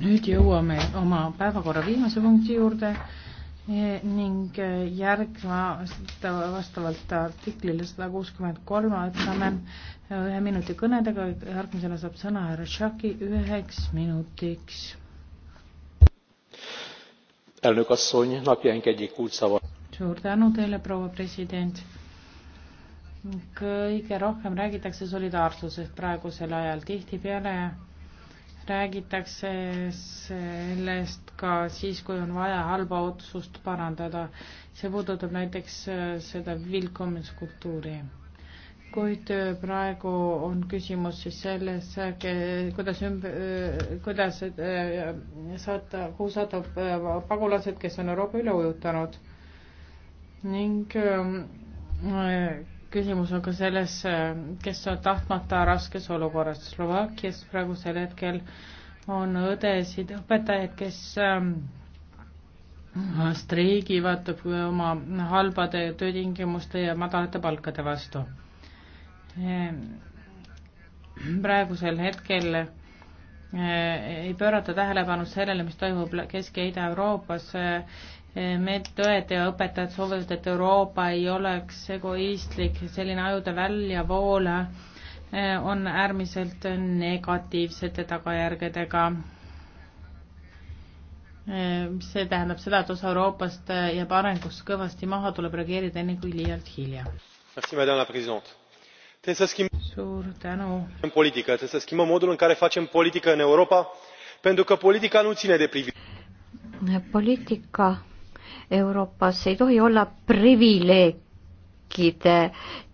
nüüd jõuame oma päevakorra viimase punkti juurde eh, ning eh, järgma vastavalt artiklile sada kuuskümmend kolm võtame eh, ühe minuti kõnedega, järgmisena saab sõna härra Tšaki üheks minutiks. suur tänu teile, proua president kõige rohkem räägitakse solidaarsusest praegusel ajal, tihtipeale räägitakse sellest ka siis, kui on vaja halba otsust parandada. see puudutab näiteks äh, seda vilkomiskultuuri. kuid äh, praegu on küsimus siis selles, äh, kuidas ümber, kuidas saata, kuhu saata pagulased, kes on Euroopa üle ujutanud ning ähm, küsimus on ka selles, kes on tahtmata raskes olukorras. Slovakkias praegusel hetkel on õdesid, õpetajaid, kes ähm, streigivad oma halbade töötingimuste ja madalate palkade vastu. Ähm, praegusel hetkel äh, ei pöörata tähelepanu sellele, mis toimub Kesk- ja Ida-Euroopas äh, medõed ja õpetajad soovivad, et Euroopa ei oleks egoistlik, selline ajude väljavool eh, on äärmiselt negatiivsete tagajärgedega. Eh, see tähendab seda, et osa Euroopast eh, jääb arengust kõvasti maha, tuleb reageerida enne kui liialt hilja. suur tänu. poliitika, trebuie să schimbăm modul în care facem politică în Euroopa, pentru că politica nu ține de privi-. poliitika Euroopas ei tohi olla privileegide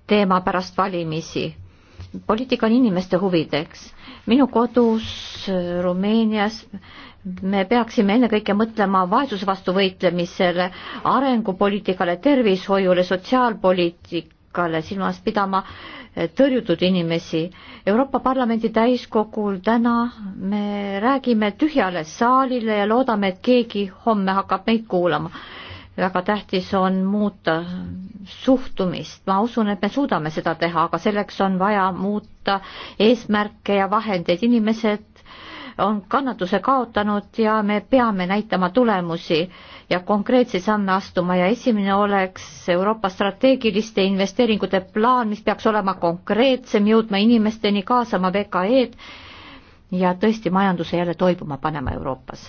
teema pärast valimisi. poliitika on inimeste huvideks. minu kodus Rumeenias me peaksime ennekõike mõtlema vaesuse vastu võitlemisele, arengupoliitikale, tervishoiule, sotsiaalpoliitikale, silmas pidama eh, tõrjutud inimesi. Euroopa Parlamendi täiskogul täna me räägime tühjale saalile ja loodame, et keegi homme hakkab meid kuulama väga tähtis on muuta suhtumist, ma usun, et me suudame seda teha, aga selleks on vaja muuta eesmärke ja vahendeid, inimesed on kannatuse kaotanud ja me peame näitama tulemusi ja konkreetseid samme astuma ja esimene oleks Euroopa strateegiliste investeeringute plaan, mis peaks olema konkreetsem, jõudma inimesteni, kaasama VKE-d ja tõesti majanduse jälle toibuma panema Euroopas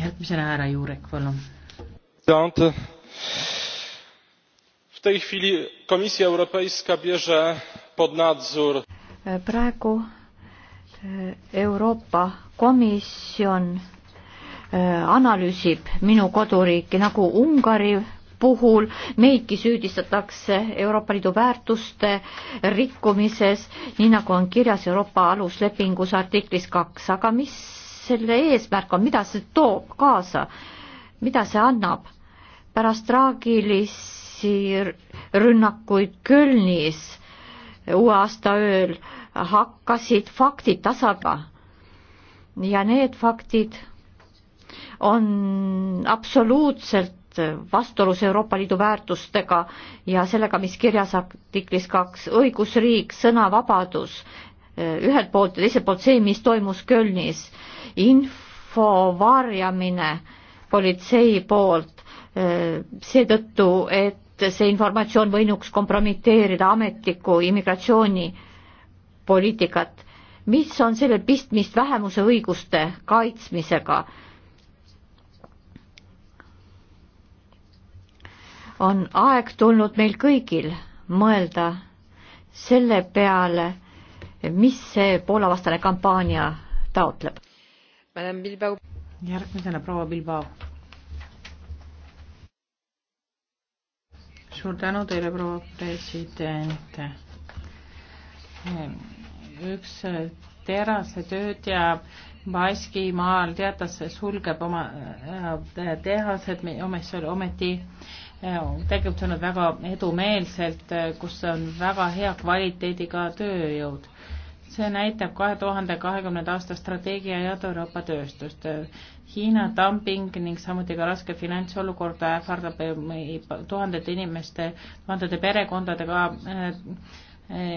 järgmisena härra Juurek, palun. W tej chwili Komisja Europejska bierze pod nadzór praegu e, Euroopa Komisjon e, analüüsib minu koduriiki nagu Ungari puhul meidki süüdistatakse Euroopa Liidu väärtuste rikkumises, nii nagu on kirjas Euroopa aluslepingus artiklis kaks, aga mis selle eesmärk on, mida see toob kaasa, mida see annab? pärast traagilisi rünnakuid Kölnis uue aasta ööl hakkasid faktid tasaga ja need faktid on absoluutselt vastuolus Euroopa Liidu väärtustega ja sellega, mis kirjas artiklis kaks, õigusriik, sõnavabadus, ühelt poolt ja teiselt poolt see, mis toimus Kölnis info varjamine politsei poolt eh, seetõttu, et see informatsioon võinuks kompromiteerida ametlikku immigratsioonipoliitikat. mis on sellel pistmist vähemuse õiguste kaitsmisega? on aeg tulnud meil kõigil mõelda selle peale, mis see Poola vastane kampaania taotleb järgmisena proua Bilbao. suur tänu teile, proua president. üks terasetöötaja Baskimaal teatas, sulgeb oma äh, tehased, mis oli ometi äh, tegutsenud väga edumeelselt, äh, kus on väga hea kvaliteediga tööjõud see näitab kahe tuhande kahekümnenda aasta strateegia ja Euroopa tööstust. Hiina dumping ning samuti ka raske finantsolukord ähvardab tuhandete inimeste, tuhandete perekondadega äh, äh,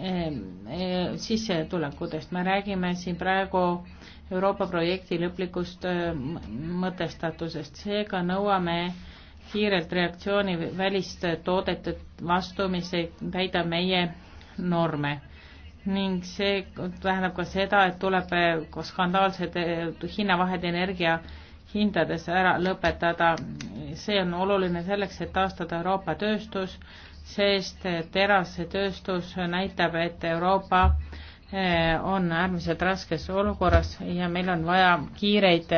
äh, sissetulekutest. me räägime siin praegu Euroopa projekti lõplikust mõtestatusest, seega nõuame kiirelt reaktsiooni väliste toodete vastu, mis ei täida meie norme ning see tähendab ka seda, et tuleb eh, skandaalsed eh, hinnavahed energia hindades ära lõpetada. see on oluline selleks, et taastada Euroopa tööstus, sest eh, terasetööstus näitab, et Euroopa on äärmiselt raskes olukorras ja meil on vaja kiireid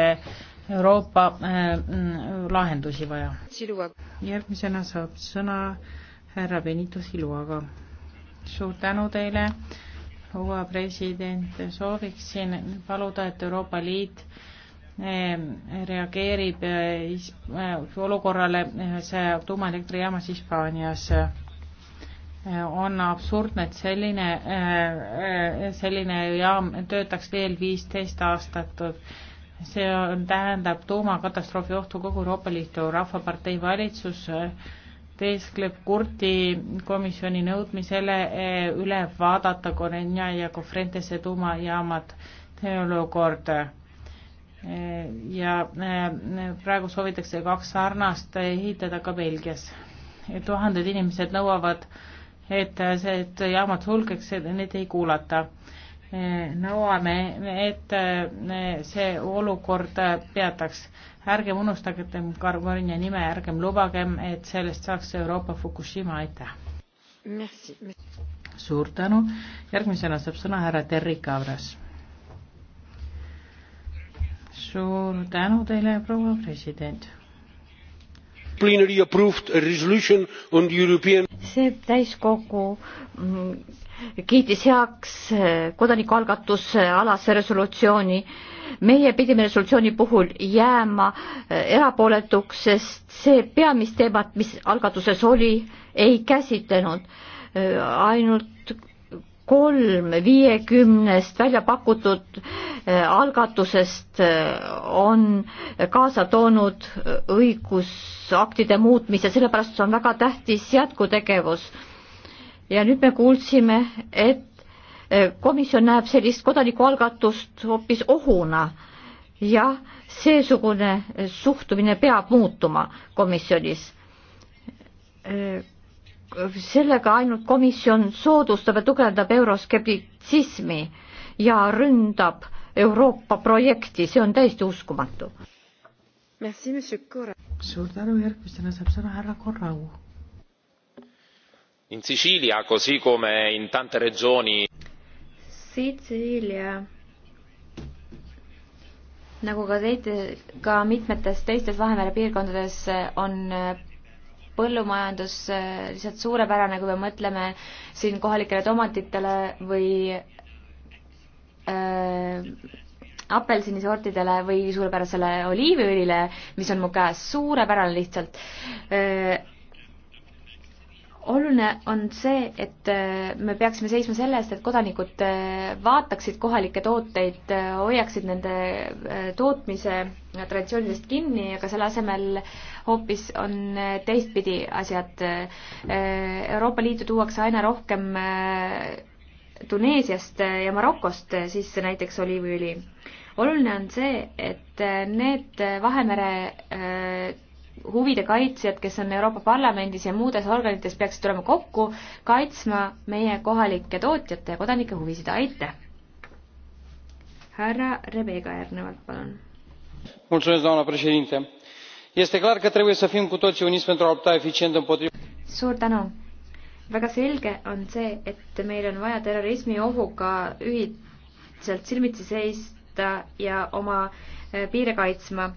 Euroopa mm, lahendusi vaja. järgmisena saab sõna härra Benito Siluaga. suur tänu teile proua president, sooviksin paluda, et Euroopa Liit ehm, reageerib eh, olukorrale ühes eh, tuumaelektrijaamas Hispaanias. Eh, on absurdne, et selline, selline jaam töötaks veel viisteist aastat. see on, tähendab tuumakatastroofi ohtu kogu Euroopa Liidu Rahvapartei valitsus teeskleb Kurti komisjoni nõudmisele eh, üle vaadata Korenja ja Kofrentese tuumajaamad olukord. Eh, ja eh, praegu soovitakse kaks sarnast ehitada ka Belgias. tuhanded inimesed nõuavad, et see, et jaamad sulgeks, neid ei kuulata nõuame, et e, see olukord peataks. ärgem unustagem Karbonia nime, ärgem lubagem, et sellest saaks Euroopa Fukushima, aitäh! suur tänu, järgmisena saab sõna härra Terri Kavras. suur tänu teile, proua president plenary approved a resolution on the European see täiskogu mm, kiitis heaks eh, kodanikualgatuse alase resolutsiooni. meie pidime resolutsiooni puhul jääma eh, erapooletuks, sest see peamist teemat, mis algatuses oli, ei käsitlenud. Eh, ainult kolm viiekümnest välja pakutud eh, algatusest eh, on kaasa toonud õigusaktide muutmise, sellepärast on väga tähtis jätkutegevus. ja nüüd me kuulsime, et eh, komisjon näeb sellist kodanikualgatust hoopis ohuna. jah, seesugune suhtumine peab muutuma komisjonis sellega ainult komisjon soodustab ja tugevdab euroskeptitsismi ja ründab Euroopa projekti, see on täiesti uskumatu. suur tänu, järgmisena saab sõna härra Korrau. In Sicilia, così come in tante regioni. Sitsiilia nagu ka teite, ka mitmetes teistes Vahemere piirkondades on põllumajandus äh, lihtsalt suurepärane, kui me mõtleme siin kohalikele tomatitele või äh, apelsinisortidele või suurepärasele oliiviõlile, mis on mu käes, suurepärane lihtsalt äh, oluline on see, et äh, me peaksime seisma selle eest, et kodanikud äh, vaataksid kohalikke tooteid, äh, hoiaksid nende tootmise traditsioonidest kinni, aga selle asemel hoopis on teistpidi asjad. Euroopa Liitu tuuakse aina rohkem Tuneesiast ja Marokost sisse näiteks oliiviõli. oluline on see, et need Vahemere huvide kaitsjad, kes on Euroopa Parlamendis ja muudes organites, peaksid tulema kokku kaitsma meie kohalike tootjate ja kodanike huvisid, aitäh! härra Rebega järgnevalt, palun. doamna președinte, este clar că trebuie să fim cu toții uniți pentru a lupta eficient împotriva. suur tänu! väga selge on see, et meil on vaja terrorismi ohuga ühiselt silmitsi seista ja oma eh, piire kaitsma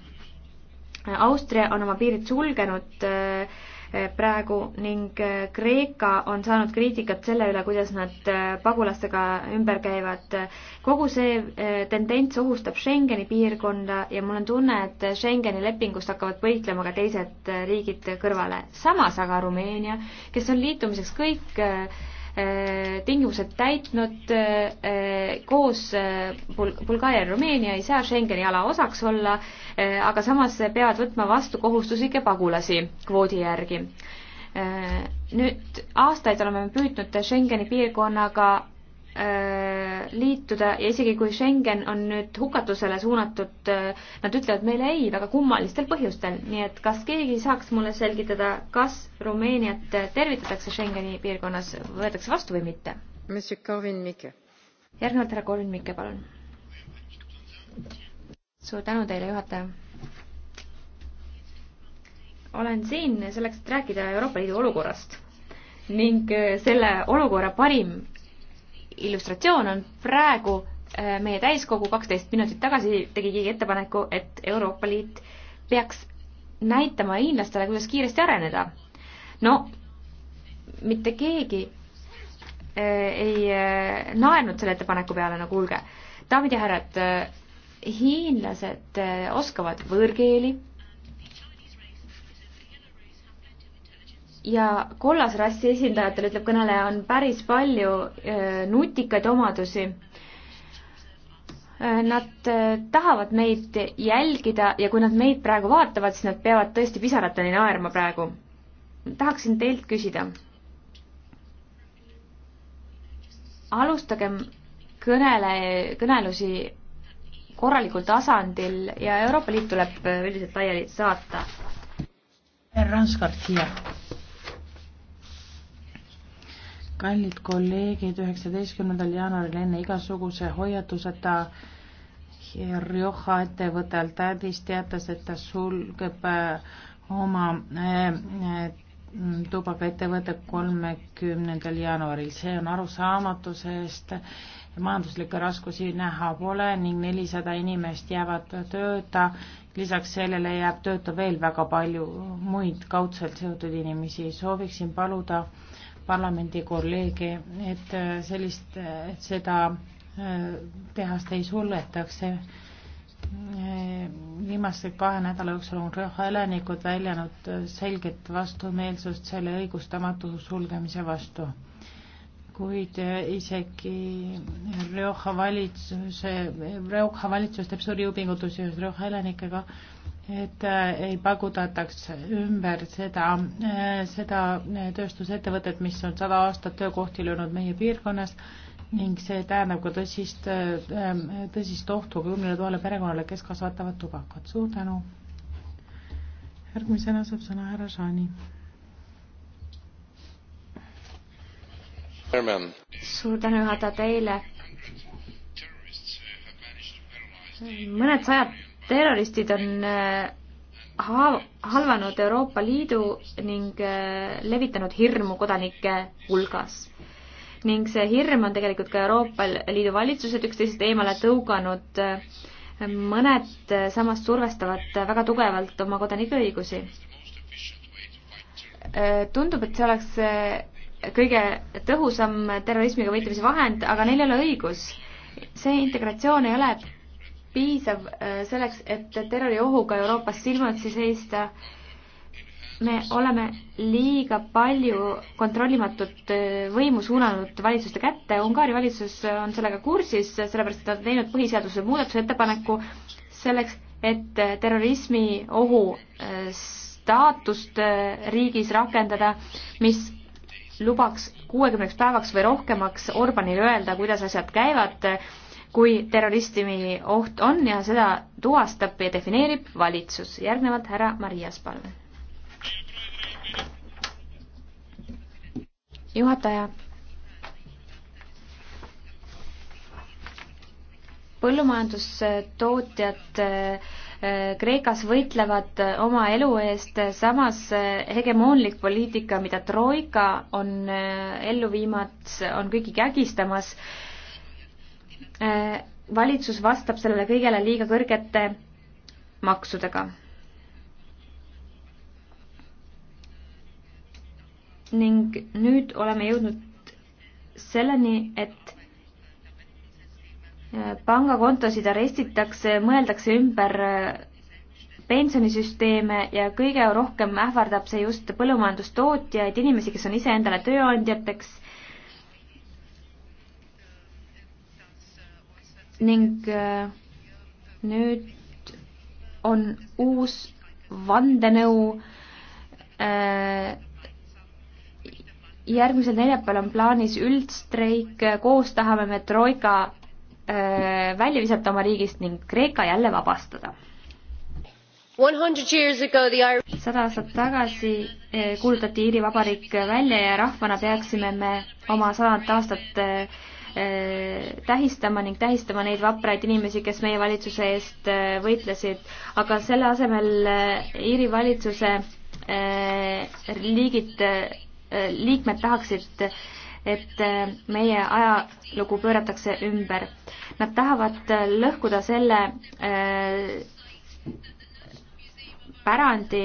Austria on oma piirid sulgenud äh, praegu ning äh, Kreeka on saanud kriitikat selle üle, kuidas nad äh, pagulastega ümber käivad. kogu see tendents ohustab Schengeni piirkonda ja mul on tunne, et Schengeni lepingust hakkavad võitlema ka teised riigid kõrvale. samas aga Rumeenia, kes on liitumiseks kõik Äh, tingimused täitnud äh, koos äh, Bul-, Bulgaaria ja Rumeenia ei saa Schengeni ala osaks olla, aga samas peavad võtma vastu kohustuslikke pagulasi kvoodi järgi. Nüüd aastaid oleme püüdnud Schengeni piirkonnaga Äh, liituda ja isegi kui Schengen on nüüd hukatusele suunatud, äh, nad ütlevad meile ei väga kummalistel põhjustel, nii et kas keegi saaks mulle selgitada, kas Rumeeniat tervitatakse Schengeni piirkonnas, võetakse vastu või mitte? järgnevalt härra Korvin Mikke, palun. suur tänu teile, juhataja. olen siin selleks, et rääkida Euroopa Liidu olukorrast ning äh, selle olukorra parim illustratsioon on praegu äh, meie täiskogu kaksteist minutit tagasi tegi keegi ettepaneku, et Euroopa Liit peaks näitama hiinlastele, kuidas kiiresti areneda. no mitte keegi äh, ei äh, naernud selle ettepaneku peale, no kuulge, daamid ja härrad, hiinlased oskavad võõrkeeli ja kollasrassi esindajatel, ütleb kõneleja, on päris palju äh, nutikaid omadusi. Äh, nad äh, tahavad meid jälgida ja kui nad meid praegu vaatavad, siis nad peavad tõesti pisarateni naerma praegu. tahaksin teilt küsida. alustagem kõnele, kõnelusi korralikul tasandil ja Euroopa Liit tuleb üldiselt laiali saata. Ranskart siia kallid kolleegid, üheksateistkümnendal jaanuaril enne igasuguse hoiatuseta Rioja ettevõte Altadis teatas, et ta sulgeb äh, oma äh, äh, tubakaettevõte kolmekümnendal jaanuaril. see on arusaamatu, sest majanduslikke raskusi näha pole ning nelisada inimest jäävad tööta. lisaks sellele jääb tööta veel väga palju muid kaudselt seotud inimesi. sooviksin paluda äh, parlamendi kolleege, et äh, sellist, äh, et seda äh, tehast ei suletakse. viimase kahe nädala jooksul on Rõha elanikud väljanud selget vastumeelsust selle õigustamatu sulgemise vastu. kuid isegi Rõha valitsuse, Rõha valitsus teeb suuri jõupingutusi Rõha elanikega et äh, ei pagutataks ümber seda, äh, seda äh, tööstusettevõtet, mis on sada aastat töökohti löönud meie piirkonnas ning see tähendab ka tõsist, tõsist ohtu kümnele tuhale perekonnale, kes kasvatavad tubakat. suur tänu. järgmisena saab sõna härra Šani. suur tänu, juhataja, teile. mõned sajad terroristid on äh, halvanud Euroopa Liidu ning äh, levitanud hirmu kodanike hulgas. ning see hirm on tegelikult ka Euroopa Liidu valitsused üksteisest eemale tõuganud, äh, mõned samas survestavad väga tugevalt oma kodanike õigusi. tundub, et see oleks kõige tõhusam terrorismiga võitlemise vahend, aga neil ei ole õigus. see integratsioon ei ole piisav äh, selleks, et terroriohuga Euroopas silmatsi seista. me oleme liiga palju kontrollimatut äh, võimu suunanud valitsuste kätte, Ungari valitsus on sellega kursis, sellepärast et nad on teinud põhiseaduse muudatusettepaneku selleks, et äh, terrorismi ohu staatust riigis rakendada, mis lubaks kuuekümneks päevaks või rohkemaks Orbanil öelda, kuidas asjad käivad kui terrorismi oht on ja seda tuvastab ja defineerib valitsus. järgnevalt härra Marias, palun. juhataja. põllumajandustootjad eh, Kreekas võitlevad oma elu eest, samas eh, hegemoonlik poliitika, mida Troika on eh, ellu viimas, on kõiki kägistamas Äh, valitsus vastab sellele kõigele liiga kõrgete maksudega. ning nüüd oleme jõudnud selleni, et äh, pangakontosid arestitakse, mõeldakse ümber äh, pensionisüsteeme ja kõige rohkem ähvardab see just põllumajandustootjaid, inimesi, kes on iseendale tööandjateks ning äh, nüüd on uus vandenõu. Äh, järgmisel neljapäeval on plaanis üldstreik, koos tahame me Troika äh, välja visata oma riigist ning Kreeka jälle vabastada. sada aastat tagasi kuulutati Iiri Vabariik välja ja rahvana peaksime me oma sadat aastat Äh, tähistama ning tähistama neid vapraid inimesi, kes meie valitsuse eest äh, võitlesid, aga selle asemel äh, Iiri valitsuse liigid, liikmed tahaksid, et meie ajalugu pööratakse ümber. Nad tahavad lõhkuda selle pärandi,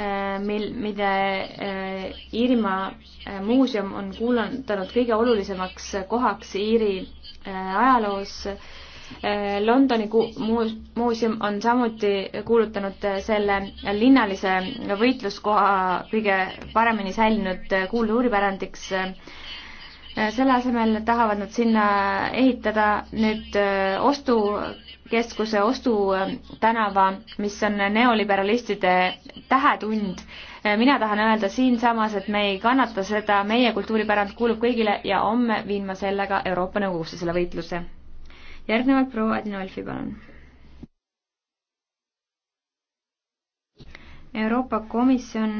Äh, mil, mida äh, Iirimaa äh, muuseum on kuulutanud kõige olulisemaks kohaks Iiri ajaloos. Londoni muuseum on samuti kuulutanud selle linnalise võitluskoha kõige paremini säilinud kultuuripärandiks. selle asemel tahavad nad sinna ehitada nüüd ostu keskuse Ostu tänava, mis on neoliberalistide tähetund. mina tahan öelda siinsamas, et me ei kannata seda, meie kultuuripärand kuulub kõigile ja homme viin ma sellega Euroopa Nõukogusse selle võitluse. järgnevalt proua Adinolfi, palun. Euroopa Komisjon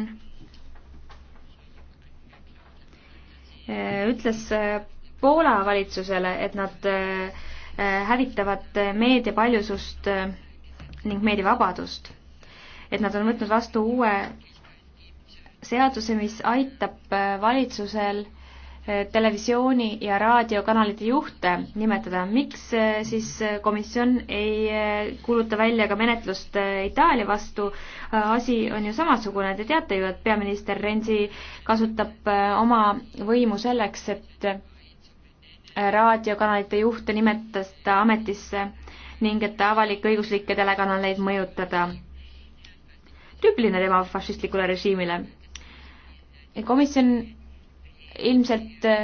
äh, ütles äh, Poola valitsusele, et nad äh, Äh, hävitavad meediapaljusust äh, ning meediavabadust. et nad on võtnud vastu uue seaduse, mis aitab äh, valitsusel televisiooni ja raadiokanalite juhte nimetada, miks siis komisjon ei kuuluta välja ka menetlust Itaalia vastu, asi on ju samasugune, te teate ju, et peaminister Renzi kasutab oma võimu selleks, et Äh, raadiokanalite juhte nimetas ta ametisse ning et avalik-õiguslikke telekanaleid mõjutada. tüüpiline tema fašistlikule režiimile. komisjon ilmselt äh,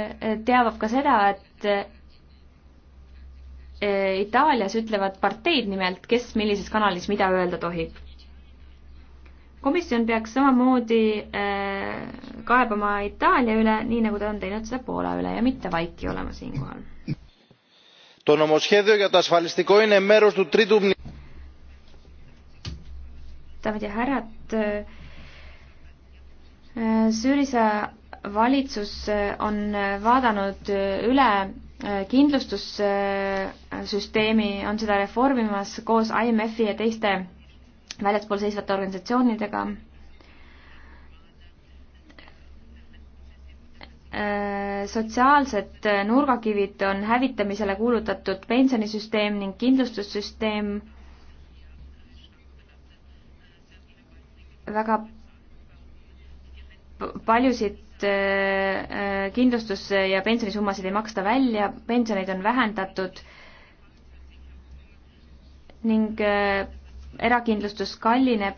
teavad ka seda, et äh, Itaalias ütlevad parteid nimelt, kes millises kanalis mida öelda tohib komisjon peaks samamoodi äh, kaebama Itaalia üle, nii nagu ta on teinud seda Poola üle ja mitte vaiki olema siinkohal. daamid ja härrad, äh, äh, Süüria valitsus on vaadanud üle kindlustussüsteemi, on seda reformimas koos IMF-i ja teiste väljaspool seisvate organisatsioonidega. Äh, sotsiaalsed nurgakivid on hävitamisele kuulutatud pensionisüsteem ning kindlustussüsteem. väga paljusid äh, äh, kindlustus- ja pensionisummasid ei maksta välja, pensioneid on vähendatud ning erakindlustus kallineb.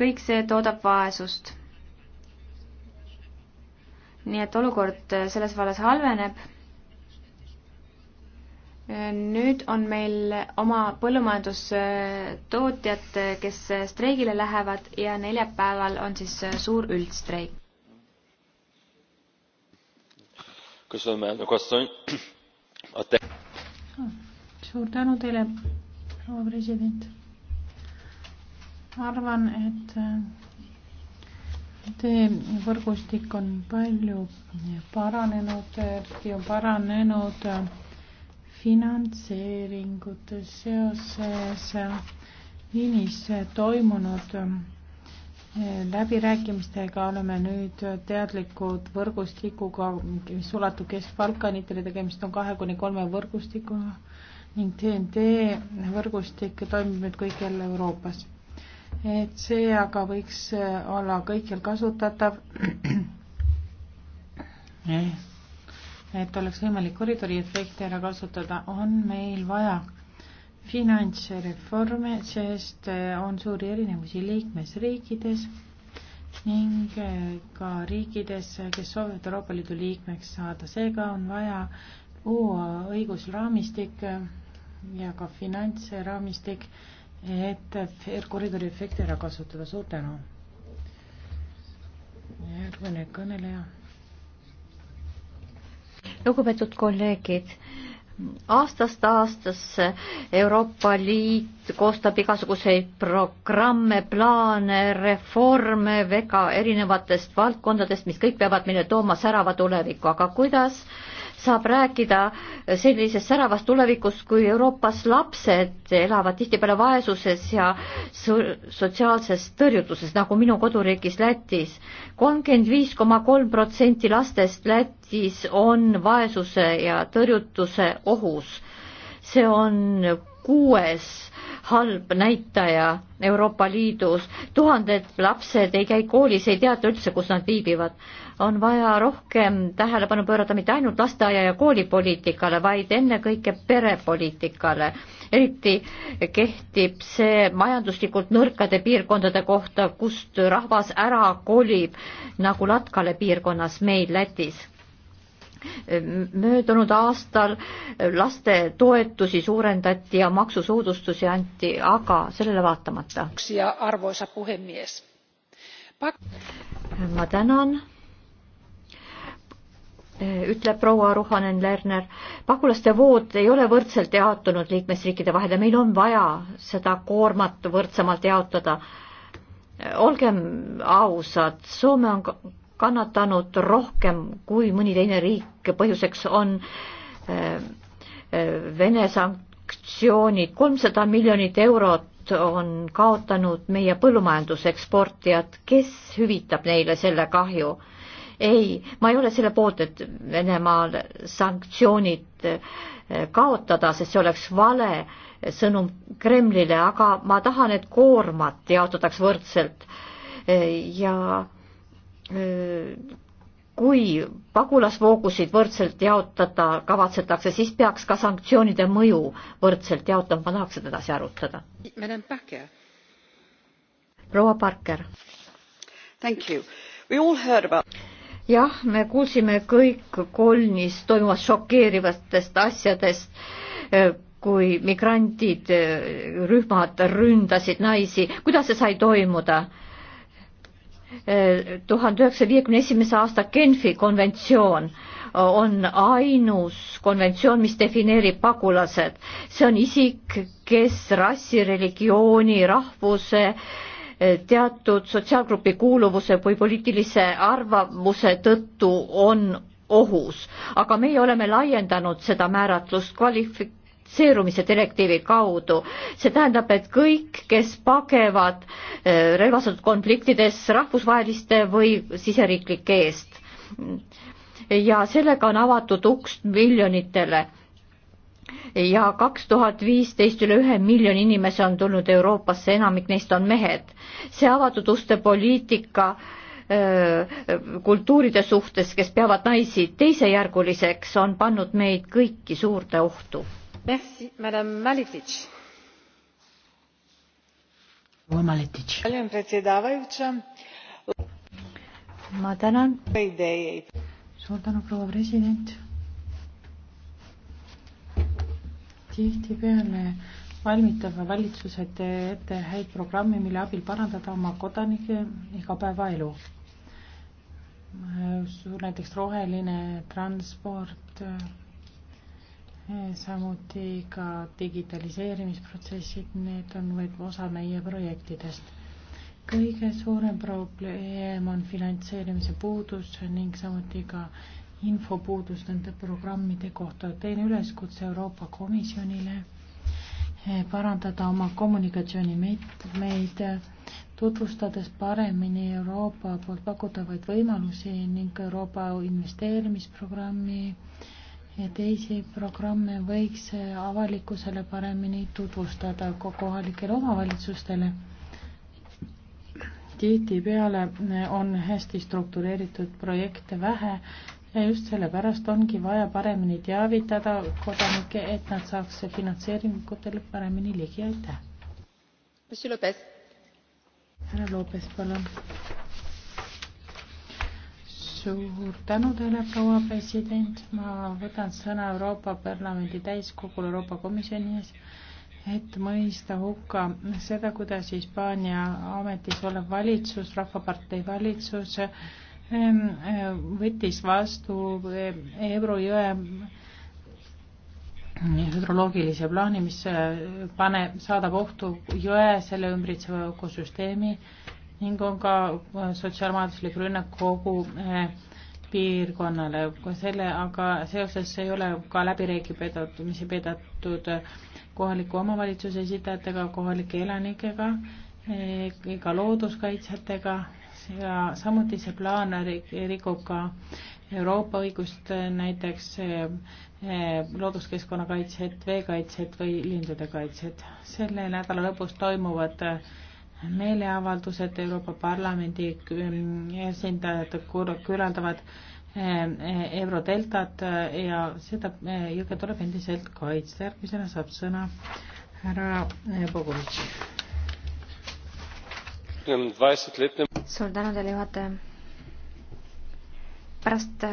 kõik see toodab vaesust. nii et olukord selles vallas halveneb. nüüd on meil oma põllumajandustootjad, kes streigile lähevad ja neljapäeval on siis suur üldstreik. köszönöm elnök asszony! a te- hm suur tänu teile, proua president. arvan, et teie võrgustik on palju paranenud, eriti on paranenud finantseeringute seoses Viinis toimunud läbirääkimistega oleme nüüd teadlikud võrgustikuga, mis ulatub Kesk-Balkanitele, tegemist on kahe kuni kolme võrgustikuga ning TNT võrgustik toimib nüüd kõikjal Euroopas. et see aga võiks äh, olla kõikjal kasutatav. Eh, et oleks võimalik koridori efekti ära kasutada, on meil vaja finantsreforme, sest äh, on suuri erinevusi liikmesriikides ning äh, ka riikides, kes soovivad Euroopa Liidu liikmeks saada. seega on vaja luua õigusraamistik ja ka finantsraamistik, et koridori efekti ära kasutada. suur tänu. järgmine kõneleja. lugupeetud kolleegid aastast aastasse Euroopa Liit koostab igasuguseid programme, plaane, reforme väga erinevatest valdkondadest, mis kõik peavad meile tooma särava tuleviku, aga kuidas äh, saab rääkida sellisest säravast tulevikust, kui Euroopas lapsed elavad tihtipeale vaesuses ja sotsiaalses tõrjutuses, nagu minu koduriigis Lätis. kolmkümmend viis koma kolm protsenti lastest Lätis on vaesuse ja tõrjutuse ohus. see on kuues halb näitaja Euroopa Liidus. tuhanded lapsed ei käi koolis, ei teata üldse, kus nad viibivad. on vaja rohkem tähelepanu pöörata mitte ainult lasteaia ja koolipoliitikale, vaid ennekõike perepoliitikale. eriti kehtib see majanduslikult nõrkade piirkondade kohta, kust rahvas ära kolib, nagu Latkale piirkonnas meil Lätis möödunud aastal laste toetusi suurendati ja maksusoodustusi anti, aga sellele vaatamata. ma tänan ütleb proua Ruhanen Lerner, pagulaste vood ei ole võrdselt jaotunud liikmesriikide vahel ja meil on vaja seda koormat võrdsemalt jaotada. olgem ausad, Soome on kannatanud rohkem kui mõni teine riik, põhjuseks on äh, äh, Vene sanktsioonid, kolmsada miljonit eurot on kaotanud meie põllumajanduseksportijad, kes hüvitab neile selle kahju? ei, ma ei ole selle poolt, et Venemaal sanktsioonid äh, kaotada, sest see oleks vale sõnum Kremlile, aga ma tahan, et koormat jaotataks võrdselt ja kui pagulasvoogusid võrdselt jaotada kavatsetakse, siis peaks ka sanktsioonide mõju võrdselt jaotama, ma tahaks seda edasi arutada. proua Parker. jah, me kuulsime kõik Kolnis toimuvast šokeerivatest asjadest, eh, kui migrandid, eh, rühmad ründasid naisi, kuidas see sai toimuda? tuhande üheksasaja viiekümne esimese aasta Genfi konventsioon äh, on ainus konventsioon, mis defineerib pagulased. see on isik, kes rassi, religiooni, rahvuse, äh, teatud sotsiaalgrupi kuuluvuse või poliitilise arvamuse tõttu on ohus, aga meie oleme laiendanud seda määratlust kvalifik-, kvalifitseerumise direktiivi kaudu. see tähendab, et kõik, kes pagevad eh, relvastatud konfliktides rahvusvaheliste või siseriiklike eest. ja sellega on avatud uks miljonitele ja kaks tuhat viisteist üle ühe miljoni inimese on tulnud Euroopasse, enamik neist on mehed. see avatud uste poliitika eh, kultuuride suhtes, kes peavad naisi teisejärguliseks, on pannud meid kõiki suurde ohtu gospođo predsjedavajuća ma tänan suur tänu proua president tihtipeale valmitavad valitsused ette häid programme mille abil parandada oma kodanike igapäevaelu näiteks roheline transport samuti ka digitaliseerimisprotsessid, need on võib-olla osa meie projektidest. kõige suurem probleem on finantseerimise puudus ning samuti ka infopuudus nende programmide kohta. teen üleskutse Euroopa Komisjonile eh, parandada oma kommunikatsioonimeetmeid, tutvustades paremini Euroopa poolt pakutavaid võimalusi ning Euroopa investeerimisprogrammi äh, ja teisi programme võiks avalikkusele paremini tutvustada kohalikele omavalitsustele. tihtipeale on hästi struktureeritud projekte vähe ja just sellepärast ongi vaja paremini teavitada kodanikke, et nad saaks finantseeringutele paremini ligi, aitäh. härra Lopes, palun suur tänu teile, proua president, ma võtan sõna Euroopa Parlamendi täiskogul Euroopa Komisjoni ees, et mõista hukka seda, kuidas Hispaania ametis olev valitsus, Rahvapartei valitsus ehm, võttis vastu ehm, Ebro jõe hüdroloogilise plaani, mis eh, paneb, saadab ohtu jõe, selle ümbritseva ökosüsteemi ning on ka sotsiaalmajanduslik rünnak kogu eh, piirkonnale, selle aga seoses ei ole ka läbirääki peetud, mis ei peetud kohaliku omavalitsuse esindajatega, kohalike elanikega, eh, ka looduskaitsjatega ja samuti see plaan rikub ka Euroopa õigust, eh, näiteks looduskeskkonna kaitset, veekaitset või lindude kaitset. selle nädala lõpus toimuvad meeleavaldused Euroopa Parlamendi esindajad külandavad eh, eh, Eurodeltat eh, ja seda jõge tuleb endiselt kaitsta. järgmisena saab sõna härra Bogovitš. suur tänu teile, juhataja. pärast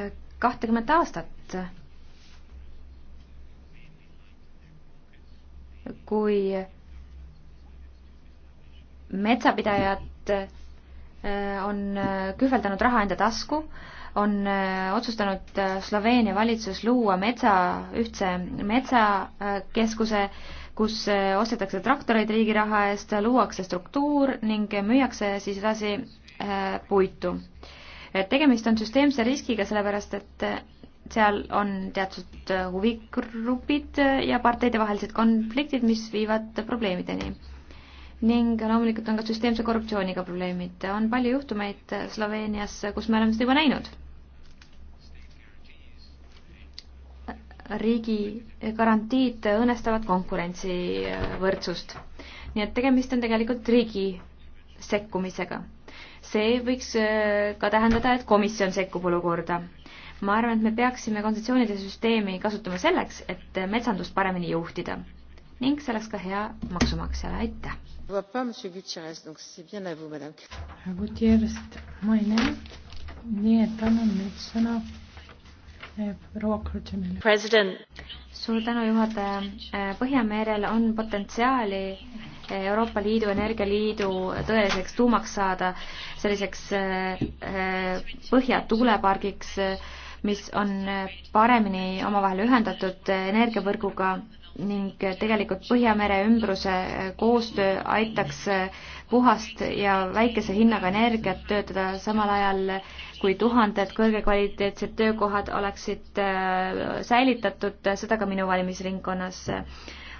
kahtekümmet aastat, kui metsapidajad äh, on äh, kühveldanud raha enda tasku, on äh, otsustanud Sloveenia valitsus luua metsa, ühtse metsakeskuse, kus ostetakse traktoreid riigi raha eest, luuakse struktuur ning müüakse siis edasi puitu. tegemist on süsteemse riskiga, sellepärast et seal on teatud huvigrupid ja parteidevahelised konfliktid, mis viivad probleemideni ning loomulikult on ka süsteemse korruptsiooniga probleemid. on palju juhtumeid Sloveenias, kus me oleme seda juba näinud. riigi garantiid õõnestavad konkurentsi võrdsust. nii et tegemist on tegelikult riigi sekkumisega. see võiks äh, ka tähendada, et komisjon sekkub olukorda. ma arvan, et me peaksime kontsessioonide süsteemi kasutama selleks, et metsandust paremini juhtida ning see oleks ka hea maksumaksjale, aitäh. Gutierrest ma ei näe, nii et annan nüüd sõna eh, proua Kõrtsenile. suur tänu, juhataja. Eh, Põhjamerel on potentsiaali eh, Euroopa Liidu Energialiidu tõeliseks tuumaks saada, selliseks põhjatuulepargiks, mis on paremini omavahel ühendatud energiavõrguga ning tegelikult Põhjamere ümbruse äh, koostöö aitaks äh, puhast ja väikese hinnaga energiat töötada samal ajal, äh, kui tuhanded kõrgekvaliteetsed töökohad oleksid säilitatud, seda ka minu valimisringkonnas.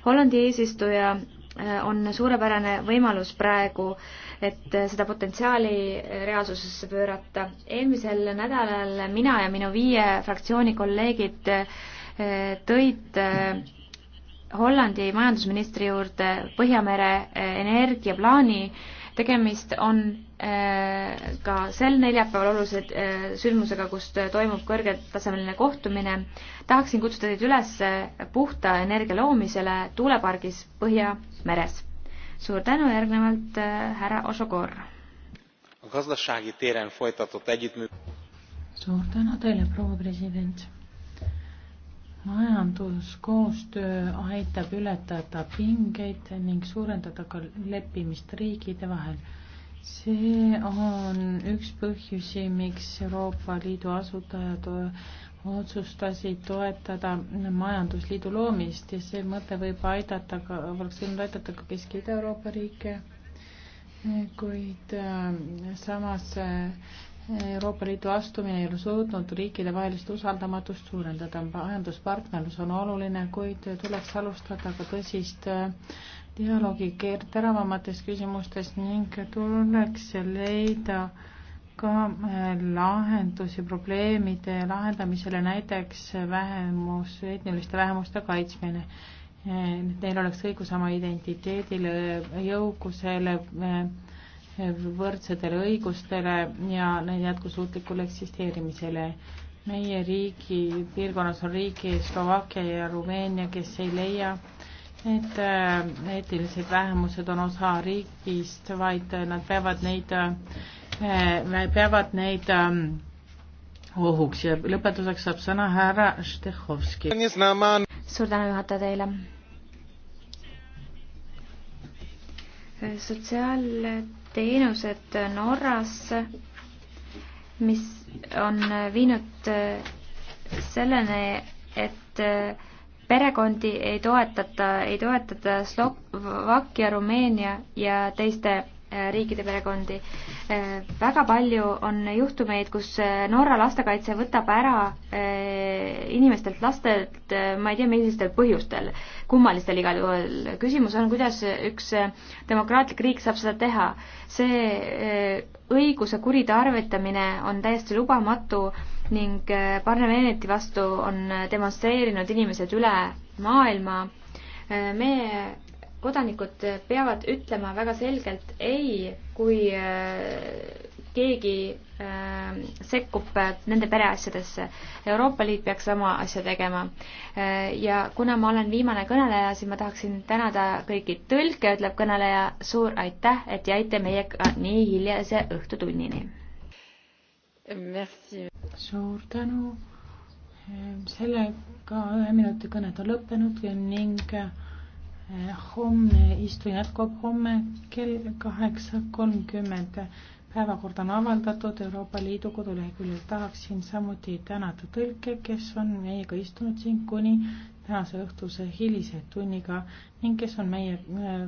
Hollandi eesistuja on suurepärane võimalus praegu, et seda potentsiaali reaalsusesse pöörata. eelmisel nädalal mina ja minu viie fraktsiooni kolleegid tõid Hollandi majandusministri juurde Põhjamere eh, energiaplaani. tegemist on eh, ka sel neljapäeval olulise eh, sündmusega, kus toimub kõrgetasemeline kohtumine. tahaksin kutsuda teid üles puhta energia loomisele tuulepargis Põhjameres. suur tänu, järgnevalt härra Ošokor. suur tänu teile, proua president majanduskoostöö aitab ületada pingeid ning suurendada ka leppimist riikide vahel. see on üks põhjusi, miks Euroopa Liidu asutajad otsustasid toetada majandusliidu loomist ja see mõte võib aidata ka, oleks võinud aidata ka Kesk- ja Ida-Euroopa riike, kuid äh, samas äh, Euroopa Liidu astumine ei ole suutnud riikide vahelist usaldamatust suurendada. majanduspartnerlus on oluline, kuid tuleks alustada ka tõsist äh, dialoogi teravamates küsimustes ning tuleks leida ka äh, lahendusi probleemide lahendamisele, näiteks vähemus, etniliste vähemuste kaitsmine. Äh, neil oleks õigus oma identiteedile, jõukusele võrdsetele õigustele ja neid jätkusuutlikule eksisteerimisele. meie riigi, piirkonnas on riigi Slovakkia ja Rumeenia, kes ei leia, et eetilised äh, vähemused on osa riigist, vaid nad peavad neid, äh, peavad neid ähm, ohuks ja lõpetuseks saab sõna härra Štehovski. suur tänu juhataja teile sotsiaal. sotsiaal teenused Norrasse, mis on viinud selleni, et perekondi ei toetata, ei toetata Slovakkia, Rumeenia ja teiste Äh, riikide perekondi. Äh, väga palju on juhtumeid, kus äh, Norra lastekaitse võtab ära inimestelt lastelt, ma ei tea, millistel põhjustel, kummalistel igal juhul. küsimus on, kuidas üks demokraatlik riik saab seda teha. see õiguse kuritarvitamine on täiesti lubamatu ning parlamenti vastu on demonstreerinud inimesed üle maailma. meie kodanikud peavad ütlema väga selgelt ei, kui äh, keegi äh, sekkub äh, nende pereasjadesse. Euroopa Liit peaks sama asja tegema. ja kuna ma olen viimane kõneleja, siis ma tahaksin tänada kõiki tõlke, ütleb kõneleja, suur aitäh, et jäite meiega nii hiljase õhtutunnini. suur tänu. Ehm, sellega ühe minuti kõned on lõppenud ning homne istung jätkub homme kell kaheksa kolmkümmend. päevakord on avaldatud Euroopa Liidu koduleheküljel. tahaksin samuti tänada tõlke, kes on meiega istunud siin kuni tänase õhtuse hilise tunniga ning kes on meie